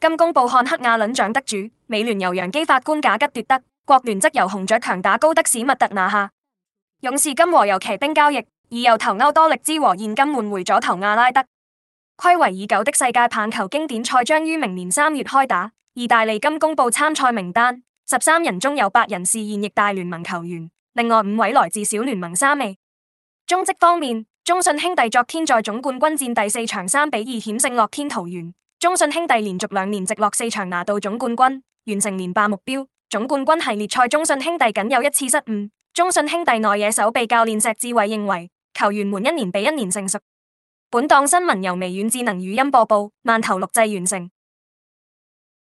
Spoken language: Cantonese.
今公布漢克阿倫獎得主，美聯由洋基法官賈吉奪得，國聯則由紅雀強打高德史密特拿下。勇士今和遊騎兵交易，以右投歐多力茲和現金換回左投亞拉德。暌違已久的世界棒球經典賽將於明年三月開打，意大利今公布參賽名單，十三人中有八人是現役大聯盟球員，另外五位來自小聯盟三 A。中職方面，中信兄弟昨天在總冠軍戰第四場三比二險勝樂天桃猿。中信兄弟連續兩年直落四場拿到總冠軍，完成連霸目標。總冠軍系列賽中信兄弟僅有一次失誤。中信兄弟內野手被教練石志偉認為球員們一年比一年成熟。本檔新聞由微軟智能語音播報，慢頭錄製完成。